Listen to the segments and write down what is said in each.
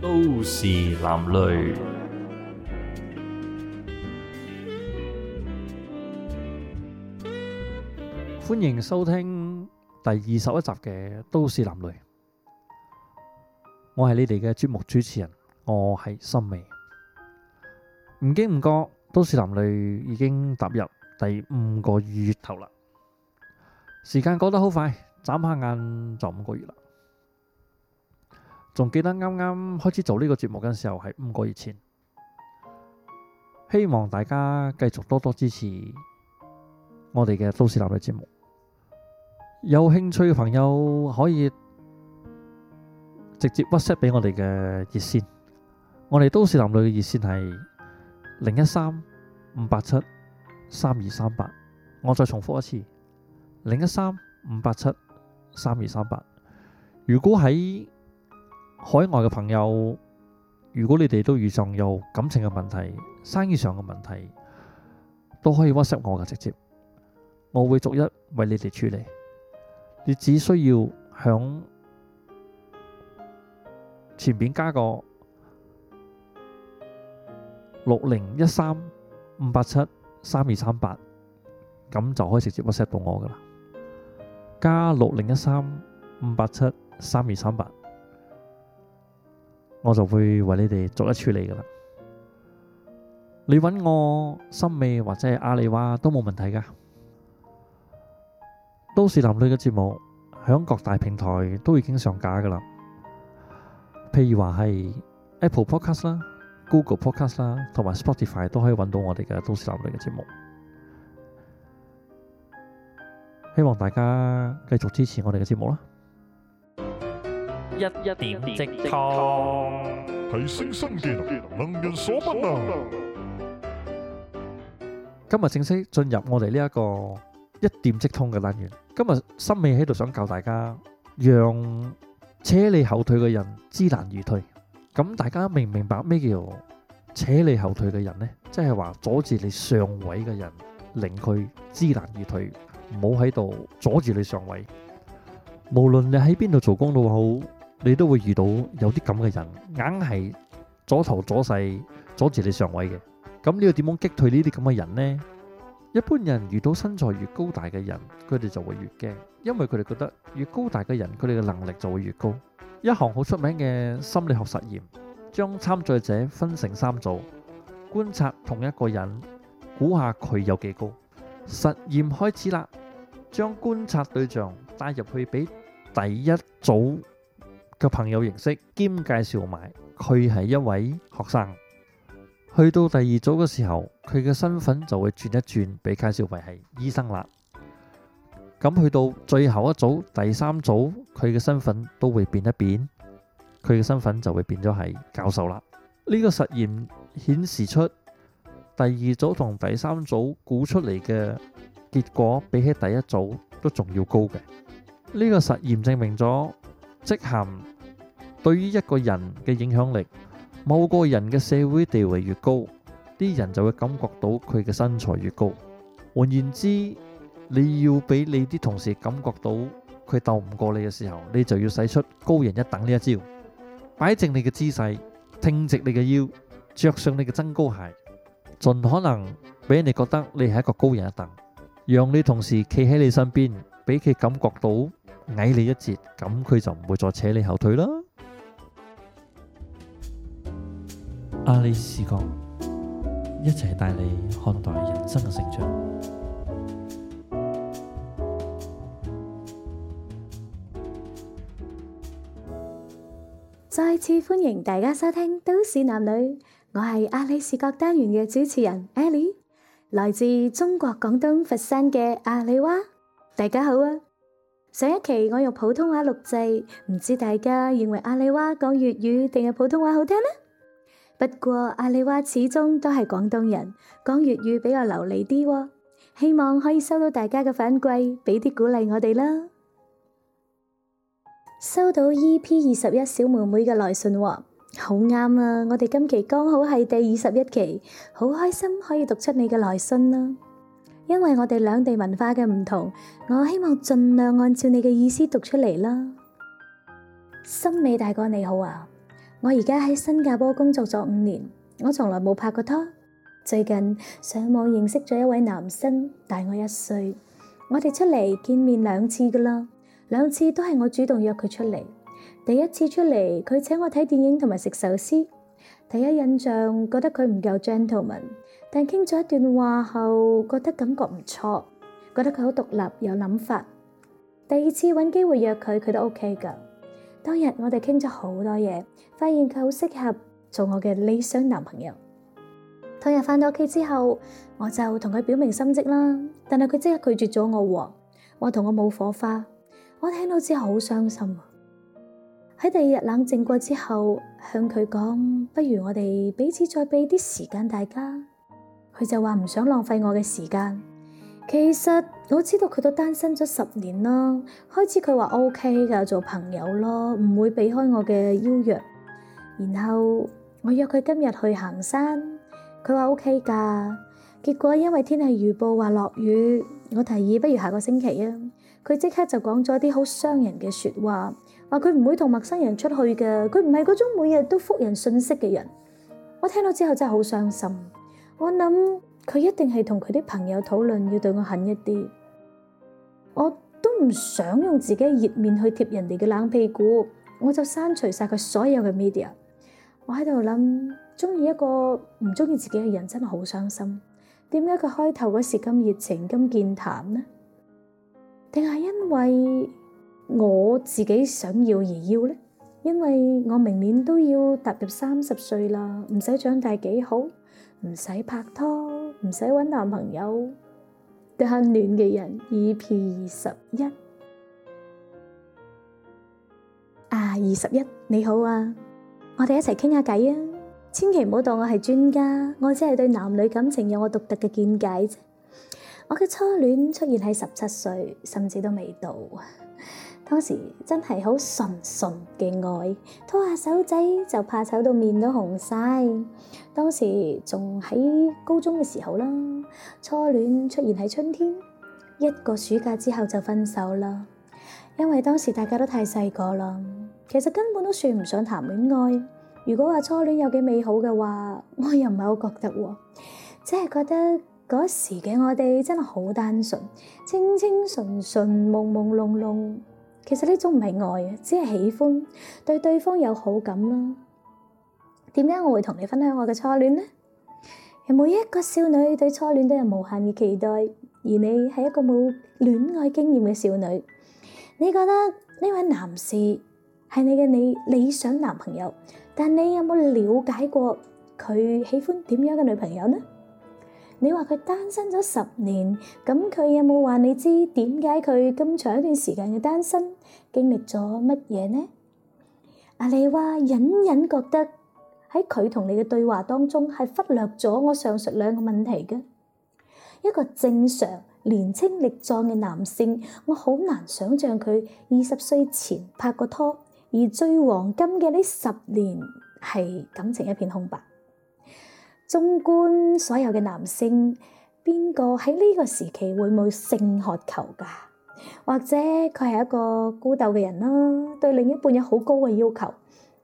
都市男女，歡迎收聽第二十一集嘅《都市男女》。我係你哋嘅節目主持人，我係心美。唔經唔覺，《都市男女》已經踏入第五個月頭啦。時間過得好快，眨下眼就五個月啦。仲記得啱啱開始做呢個節目嘅時候，係五個月前。希望大家繼續多多支持我哋嘅都市男女節目。有興趣嘅朋友可以直接 WhatsApp 俾我哋嘅熱線。我哋都市男女嘅熱線係零一三五八七三二三八。我再重複一次，零一三五八七三二三八。如果喺海外嘅朋友，如果你哋都遇上有感情嘅問題、生意上嘅問題，都可以 WhatsApp 我嘅直接，我會逐一為你哋處理。你只需要響前面加個六零一三五八七三二三八，咁就可以直接 WhatsApp 到我噶啦。加六零一三五八七三二三八。我就會為你哋逐一處理噶啦。你揾我森美或者係阿里娃都冇問題噶。都市男女嘅節目響各大平台都已經上架噶啦。譬如話係 Apple Podcast 啦、Google Podcast 啦同埋 Spotify 都可以揾到我哋嘅都市男女嘅節目。希望大家繼續支持我哋嘅節目啦。一一點即通，提升身健，能人所不能。今日正式進入我哋呢一個一點即通嘅單元。今日心美喺度想教大家，讓扯你後腿嘅人知難而退。咁大家明唔明白咩叫扯你後腿嘅人呢？即係話阻住你上位嘅人，令佢知難而退，唔好喺度阻住你上位。無論你喺邊度做工都好。你都會遇到有啲咁嘅人，硬係阻頭阻勢，阻住你上位嘅。咁你要點樣擊退呢啲咁嘅人呢？一般人遇到身材越高大嘅人，佢哋就會越驚，因為佢哋覺得越高大嘅人，佢哋嘅能力就會越高。一項好出名嘅心理學實驗，將參賽者分成三組，觀察同一個人，估下佢有幾高。實驗開始啦，將觀察對象帶入去俾第一組。個朋友認識兼介紹埋佢係一位學生。去到第二組嘅時候，佢嘅身份就會轉一轉，俾介紹為係醫生啦。咁去到最後一組，第三組，佢嘅身份都會變一變，佢嘅身份就會變咗係教授啦。呢個實驗顯示出第二組同第三組估出嚟嘅結果比起第一組都仲要高嘅。呢個實驗證明咗即含，對於一個人嘅影響力，某個人嘅社會地位越高，啲人就會感覺到佢嘅身材越高。換言之，你要俾你啲同事感覺到佢鬥唔過你嘅時候，你就要使出高人一等呢一招，擺正你嘅姿勢，挺直你嘅腰，着上你嘅增高鞋，盡可能俾你覺得你係一個高人一等，讓你同事企喺你身邊，俾佢感覺到矮你一截，咁佢就唔會再扯你後腿啦。阿里視覺一齊帶你看待人生嘅成長。再次歡迎大家收聽《都市男女》，我係阿里視覺單元嘅主持人 Ellie，來自中國廣東佛山嘅阿里娃，大家好啊！上一期我用普通話錄製，唔知大家認為阿里娃講粵語定係普通話好聽呢？不過阿里娃始終都係廣東人，講粵語比較流利啲喎。希望可以收到大家嘅反饋，俾啲鼓勵我哋啦。收到 EP 二十一小妹妹嘅來信，好啱啊！我哋今期剛好係第二十一期，好開心可以讀出你嘅來信啦。因為我哋兩地文化嘅唔同，我希望盡量按照你嘅意思讀出嚟啦。森美大哥你好啊！我而家喺新加坡工作咗五年，我從來冇拍過拖。最近上網認識咗一位男生，大我一歲，我哋出嚟見面兩次噶啦，兩次都係我主動約佢出嚟。第一次出嚟，佢請我睇電影同埋食壽司。第一印象覺得佢唔夠 gentleman，但傾咗一段話後，覺得感覺唔錯，覺得佢好獨立有諗法。第二次搵機會約佢，佢都 OK 噶。當日我哋傾咗好多嘢，發現佢好適合做我嘅理想男朋友。當日返到屋企之後，我就同佢表明心迹啦。但係佢即刻拒絕咗我，話同我冇火花。我聽到之後好傷心。喺第二日冷靜過之後，向佢講，不如我哋彼此再俾啲時間大家。佢就話唔想浪費我嘅時間。其實我知道佢都單身咗十年啦。開始佢話 OK 噶，做朋友咯，唔會避開我嘅邀約。然後我約佢今日去行山，佢話 OK 噶。結果因為天氣預報話落雨，我提議不如下個星期啊。佢即刻就講咗啲好傷人嘅說話，話佢唔會同陌生人出去嘅，佢唔係嗰種每日都覆人信息嘅人。我聽到之後真係好傷心，我諗。佢一定係同佢啲朋友討論，要對我狠一啲。我都唔想用自己嘅熱面去貼人哋嘅冷屁股，我就刪除晒佢所有嘅 media。我喺度諗，鍾意一個唔鍾意自己嘅人，真係好傷心。點解佢開頭嗰時咁熱情、咁健談呢？定係因為我自己想要而要呢？因為我明年都要踏入三十歲啦，唔使長大幾好，唔使拍拖。唔使揾男朋友單戀嘅人，EP 二十一啊，二十一你好啊，我哋一齊傾下偈啊，千祈唔好當我係專家，我只係對男女感情有我獨特嘅見解啫。我嘅初戀出現喺十七歲，甚至都未到。當時真係好純純嘅愛，拖下手仔就怕醜到面都紅晒。當時仲喺高中嘅時候啦，初戀出現喺春天，一個暑假之後就分手啦。因為當時大家都太細個啦，其實根本都算唔上談戀愛。如果話初戀有幾美好嘅話，我又唔係好覺得，只係覺得嗰時嘅我哋真係好單純，清清純純，朦朦朧朧。其實呢種唔係愛，只係喜歡對對方有好感啦。點解我會同你分享我嘅初戀呢？有每一個少女對初戀都有無限嘅期待，而你係一個冇戀愛經驗嘅少女，你覺得呢位男士係你嘅理理想男朋友，但你有冇了解過佢喜歡點樣嘅女朋友呢？你話佢單身咗十年，咁佢有冇話你知點解佢咁長一段時間嘅單身經歷咗乜嘢呢？阿你話隱隱覺得喺佢同你嘅對話當中係忽略咗我上述兩個問題嘅。一個正常年青力壯嘅男性，我好難想象佢二十歲前拍過拖，而最黃金嘅呢十年係感情一片空白。綜觀所有嘅男性，邊個喺呢個時期會冇性渴求㗎？或者佢係一個孤獨嘅人啦，對另一半有好高嘅要求。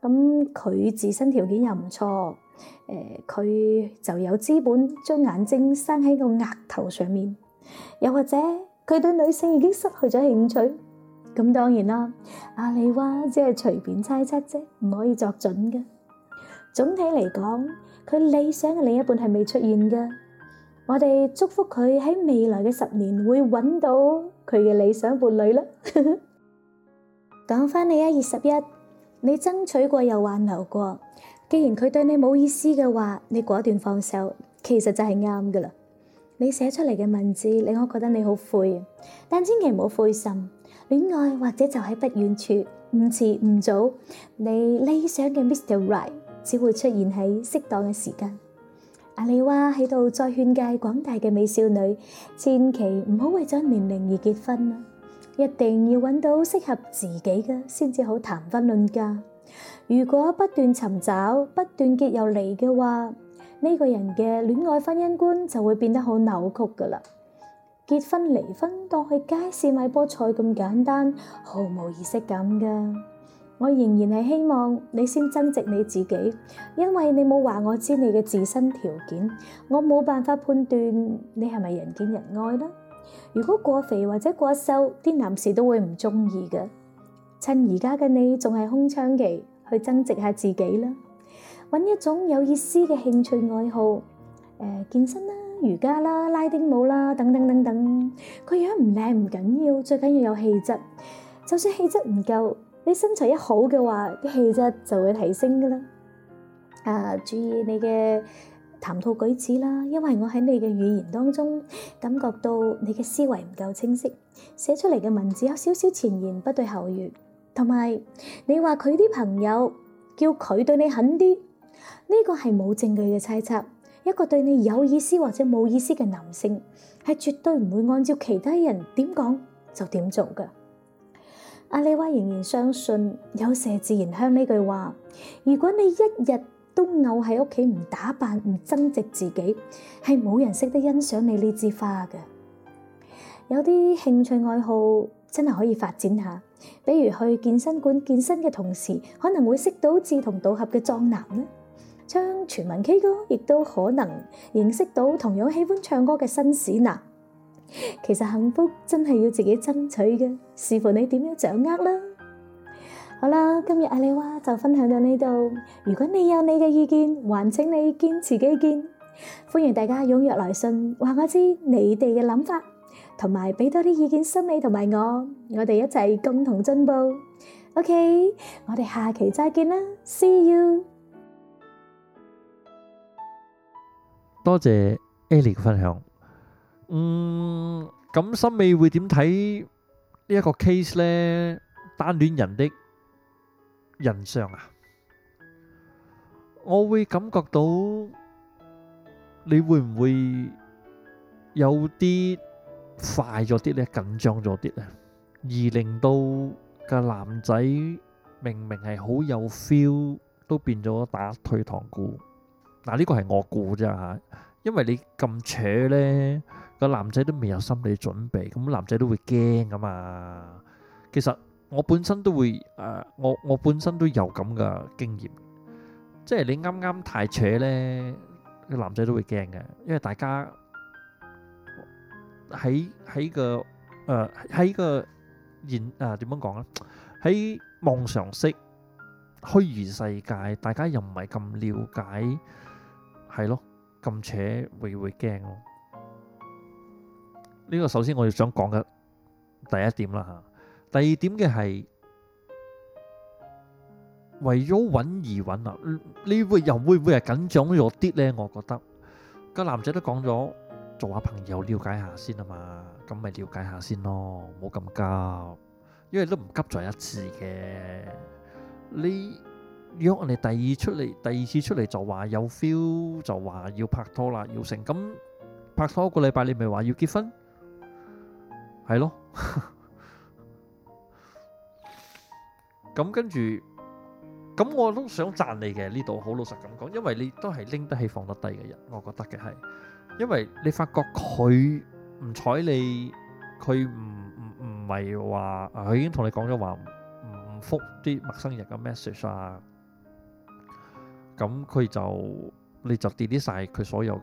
咁佢自身條件又唔錯，誒、呃、佢就有資本將眼睛生喺個額頭上面。又或者佢對女性已經失去咗興趣。咁當然啦，阿你話只係隨便猜測啫，唔可以作準嘅。總體嚟講，佢理想嘅另一半係未出現嘅，我哋祝福佢喺未來嘅十年會揾到佢嘅理想伴侶啦。講返你啊，二十一，你爭取過又挽留過，既然佢對你冇意思嘅話，你果斷放手，其實就係啱噶啦。你寫出嚟嘅文字令我覺得你好灰，但千祈唔好灰心，戀愛或者就喺不遠處，唔遲唔早，你理想嘅 Mr. Right。只會出現喺適當嘅時間。阿利話喺度再勸誡廣大嘅美少女，千祈唔好為咗年齡而結婚，一定要揾到適合自己嘅先至好談婚論嫁。如果不斷尋找、不斷結又離嘅話，呢、這個人嘅戀愛婚姻觀就會變得好扭曲噶啦。結婚離婚當去街市買菠菜咁簡單，毫無儀式感噶。我仍然係希望你先增值你自己，因為你冇話我知你嘅自身條件，我冇辦法判斷你係咪人見人愛啦。如果過肥或者過瘦，啲男士都會唔中意嘅。趁而家嘅你仲係空窗期，去增值下自己啦，搵一種有意思嘅興趣愛好，誒、呃，健身啦、瑜伽啦、拉丁舞啦，等等等等等。個樣唔靚唔緊要，最緊要有氣質。就算氣質唔夠。你身材一好嘅話，啲氣質就會提升噶啦。啊，注意你嘅談吐舉止啦，因為我喺你嘅語言當中感覺到你嘅思維唔夠清晰，寫出嚟嘅文字有少少前言不對後語。同埋你話佢啲朋友叫佢對你狠啲，呢個係冇證據嘅猜測。一個對你有意思或者冇意思嘅男性，係絕對唔會按照其他人點講就點做噶。阿里娃仍然相信有麝自然香呢句話。如果你一日都漚喺屋企唔打扮，唔增值自己，係冇人識得欣賞你呢枝花嘅。有啲興趣愛好真係可以發展下，比如去健身館健身嘅同時，可能會識到志同道合嘅壯男咧。唱全民 K 歌亦都可能認識到同樣喜歡唱歌嘅紳士男。其實幸福真係要自己爭取嘅，視乎你點樣掌握啦。好啦，今日阿麗話就分享到呢度。如果你有你嘅意見，還請你堅持己見。歡迎大家踊躍來信，話我知你哋嘅諗法，同埋俾多啲意見心理同埋我，我哋一齊共同進步。OK，我哋下期再見啦，See you。多謝 Ali 嘅分享。嗯，咁森美會點睇呢一個 case 呢？單戀人的人上啊，我會感覺到你會唔會有啲快咗啲咧，緊張咗啲咧，而令到個男仔明明係好有 feel，都變咗打退堂鼓。嗱，呢個係我估啫吓，因為你咁扯呢。個男仔都未有心理準備，咁男仔都會驚㗎嘛。其實我本身都會誒，我我本身都有咁嘅經驗，即係你啱啱太扯咧，個男仔都會驚嘅，因為大家喺喺個誒喺個現誒點樣講咧，喺網上識虛擬世界，大家又唔係咁瞭解，係咯，咁扯會會驚咯。呢個首先我要想講嘅第一點啦吓，第二點嘅係為咗揾而揾啊，你會又會唔會係緊張咗啲呢？我覺得個男仔都講咗，做下朋友了解下先啊嘛，咁咪了解下先咯，唔好咁急，因為都唔急在一次嘅。你如果我哋第二出嚟，第二次出嚟就話有 feel，就話要拍拖啦，要成咁拍拖個禮拜，你咪話要結婚？係是咯，咁 跟住，咁我都想讚你嘅呢度，好老實咁講，因為你都係拎得起放得低嘅人，我覺得嘅係，因為你發覺佢唔睬你，佢唔唔唔係話，佢已經同你講咗話唔復啲陌生人嘅 message 啊，咁佢就你就 delete 晒佢所有嘅誒，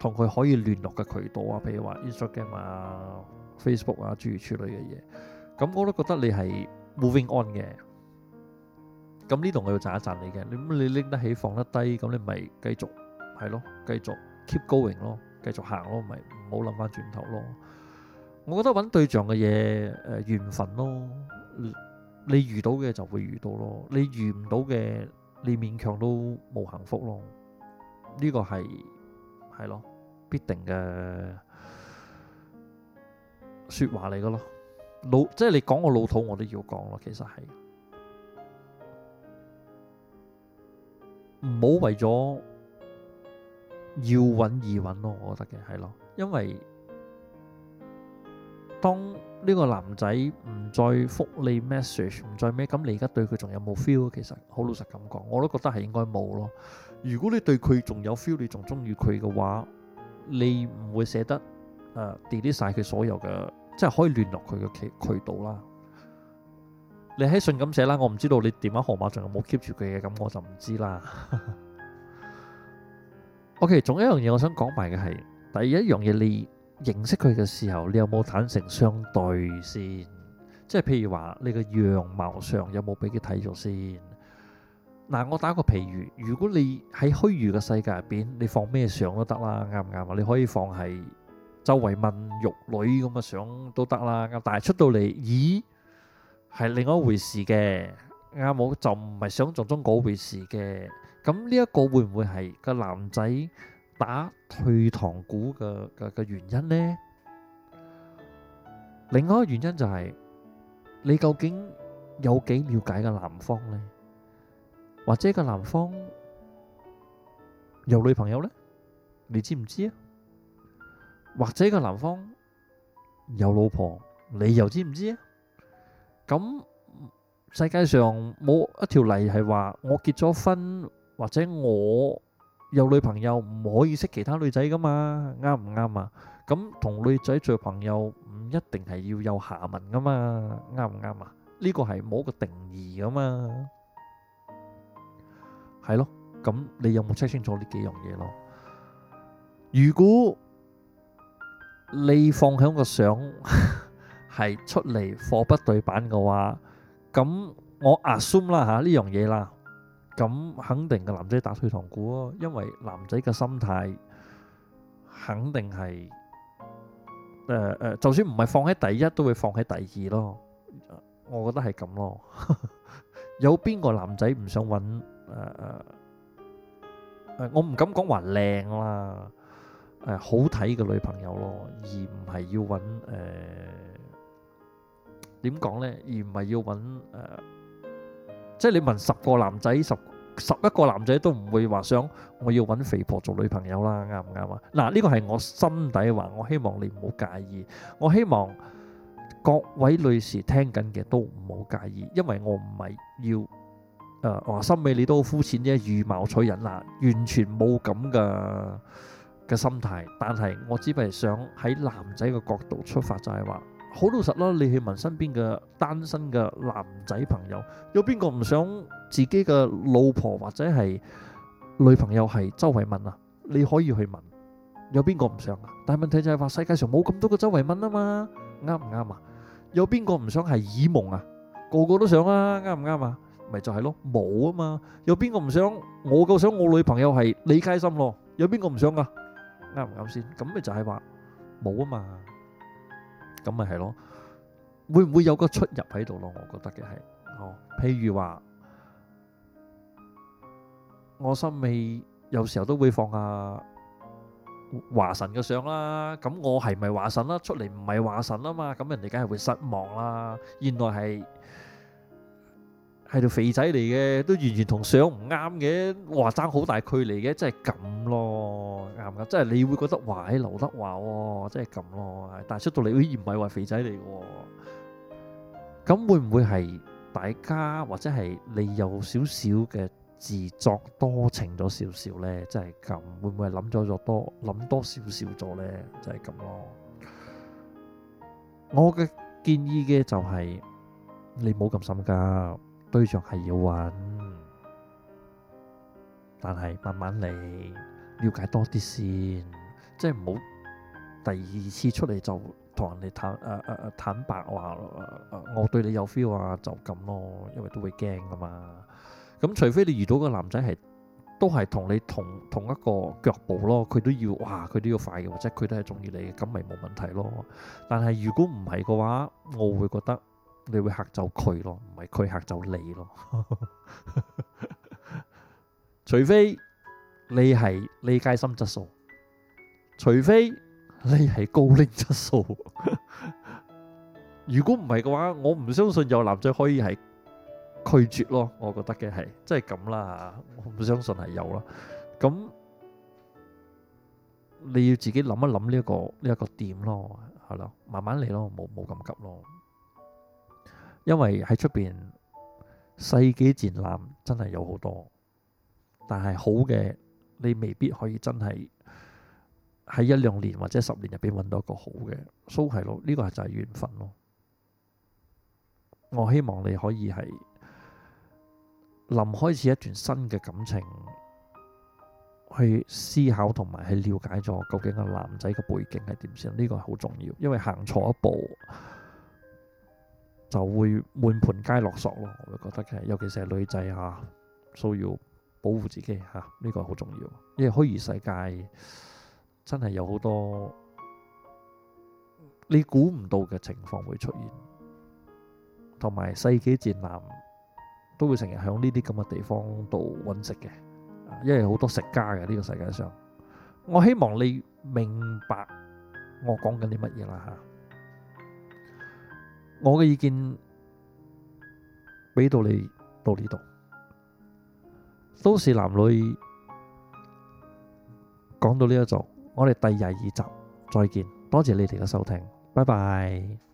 同、呃、佢可以聯絡嘅渠道啊，譬如話 Instagram 啊。Facebook 啊，諸如此類嘅嘢，咁我都覺得你係 moving on 嘅。咁呢度我要讚一讚你嘅，你你拎得起放得低，咁你咪繼續係咯，繼續 keep going 咯，繼續行咯，咪唔好諗翻轉頭咯。我覺得揾對象嘅嘢誒緣分咯，你遇到嘅就會遇到咯，你遇唔到嘅你勉強都冇幸福咯。呢個係係咯，必定嘅。説話嚟嘅咯，老即係你講我老土，我都要講咯。其實係唔好為咗要揾而揾咯，我覺得嘅係咯，因為當呢個男仔唔再復你 message，唔再咩，咁你而家對佢仲有冇 feel？其實好老實咁講，我都覺得係應該冇咯。如果你對佢仲有 feel，你仲中意佢嘅話，你唔會捨得誒 delete 晒佢所有嘅。即係可以聯絡佢嘅渠道啦。你喺信咁寫啦，我唔知道你電話號碼仲有冇 keep 住佢嘅，咁我就唔知啦。 OK，仲有一樣嘢我想講埋嘅係第一樣嘢，你認識佢嘅時候，你有冇坦誠相對先？即係譬如話，你嘅樣貌上有冇俾佢睇咗先？嗱，我打個譬如，如果你喺虛擬嘅世界入邊，你放咩相都得啦，啱唔啱啊？你可以放喺……周圍問玉女咁啊，想都得啦。但係出到嚟，咦，係另外一回事嘅啱冇？就唔係想像中嗰回事嘅。咁呢一個會唔會係個男仔打退堂鼓嘅嘅嘅原因呢？另外一個原因就係你究竟有幾了解個男方呢？或者個男方有女朋友呢？你知唔知啊？或者個男方有老婆，你又知唔知啊？咁世界上冇一條例係話我結咗婚或者我有女朋友唔可以識其他女仔噶嘛？啱唔啱啊？咁同女仔做朋友唔一定係要有下文噶嘛？啱唔啱啊？呢個係冇個定義噶嘛？係咯，咁你有冇 check 清楚呢幾樣嘢咯？如果你放喺個相係出嚟貨不對版嘅話，咁我 assume 啦吓呢樣嘢啦，咁肯定個男仔打退堂鼓咯，因為男仔嘅心態肯定係誒誒，就算唔係放喺第一，都會放喺第二咯。我覺得係咁咯， 有邊個男仔唔想搵誒誒誒？我唔敢講話靚啦。呃、好睇嘅女朋友咯，而唔係要揾誒，點講呢？而唔係要揾、呃、即係你問十個男仔，十十一個男仔都唔會話想我要揾肥婆做女朋友啦，啱唔啱啊？嗱、呃，呢、呢個係我心底話，我希望你唔好介意，我希望各位女士聽緊嘅都唔好介意，因為我唔係要誒，話、呃、心尾你都好膚淺啫，以貌取人啦，完全冇咁噶。嘅心態，但係我只係想喺男仔嘅角度出發，就係話好老實咯。你去問身邊嘅單身嘅男仔朋友，有邊個唔想自己嘅老婆或者係女朋友係周慧敏啊？你可以去問有邊個唔想啊？但係問題就係話世界上冇咁多個周慧敏啊嘛，啱唔啱啊？有邊個唔想係爾夢啊？個個都想啊，啱唔啱啊？咪就係咯，冇啊嘛。有邊個唔想？我夠想我女朋友係李佳芯咯。有邊個唔想㗎？啱唔啱先？咁咪就係話冇啊嘛，咁咪係咯。會唔會有個出入喺度咯？我覺得嘅係，哦，譬如話，我心裏有時候都會放阿華神嘅相啦。咁我係咪華神啦？出嚟唔係華神啊嘛，咁人哋梗係會失望啦。原來係。係條肥仔嚟嘅，都完全同相唔啱嘅，話爭好大距離嘅，真係咁咯，啱唔啱？真係你會覺得話喺劉德華喎，真係咁咯，但係出到嚟，咦唔係話肥仔嚟喎？咁會唔會係大家或者係你有少少嘅自作多情咗少少呢？真係咁，會唔會係諗咗咗多諗多少少咗呢？就係咁咯。我嘅建議嘅就係你冇咁心急。對象係要揾，但係慢慢嚟，了解多啲先，即係唔好第二次出嚟就同人哋坦誒誒誒坦白話、呃，我對你有 feel 啊！就咁咯，因為都會驚噶嘛。咁除非你遇到個男仔係都係同你同同一個腳步咯，佢都要哇，佢都要快嘅，或者佢都係中意你嘅，咁咪冇問題咯。但係如果唔係嘅話，我會覺得。你會吓走佢咯，唔係佢吓走你咯。除非你係理解心質素，除非你係高齡質素。如果唔係嘅話，我唔相信有男仔可以係拒絕咯。我覺得嘅係，即係咁啦。我唔相信係有啦。咁你要自己諗一諗呢一個呢一個點咯，係咯，慢慢嚟咯，冇冇咁急咯。因為喺出邊世紀剩男真係有好多，但係好嘅你未必可以真係喺一兩年或者十年入邊揾到一個好嘅蘇係咯，呢個係就係緣分咯。我希望你可以係臨開始一段新嘅感情，去思考同埋去了解咗究竟個男仔嘅背景係點先，呢、這個係好重要，因為行錯一步。就會滿盤皆落索咯，我會覺得嘅，尤其是女仔吓、啊，需要保護自己吓，呢、啊呢個好重要。因為虛擬世界真係有好多你估唔到嘅情況會出現，同埋世紀賤男都會成日響呢啲咁嘅地方度揾食嘅、啊，因為好多食家嘅呢、呢個世界上。我希望你明白我講緊啲乜嘢啦吓。啊我嘅意見畀到你到呢度，都市男女講到呢一度，我哋第廿二集再見，多謝你哋嘅收聽，拜拜。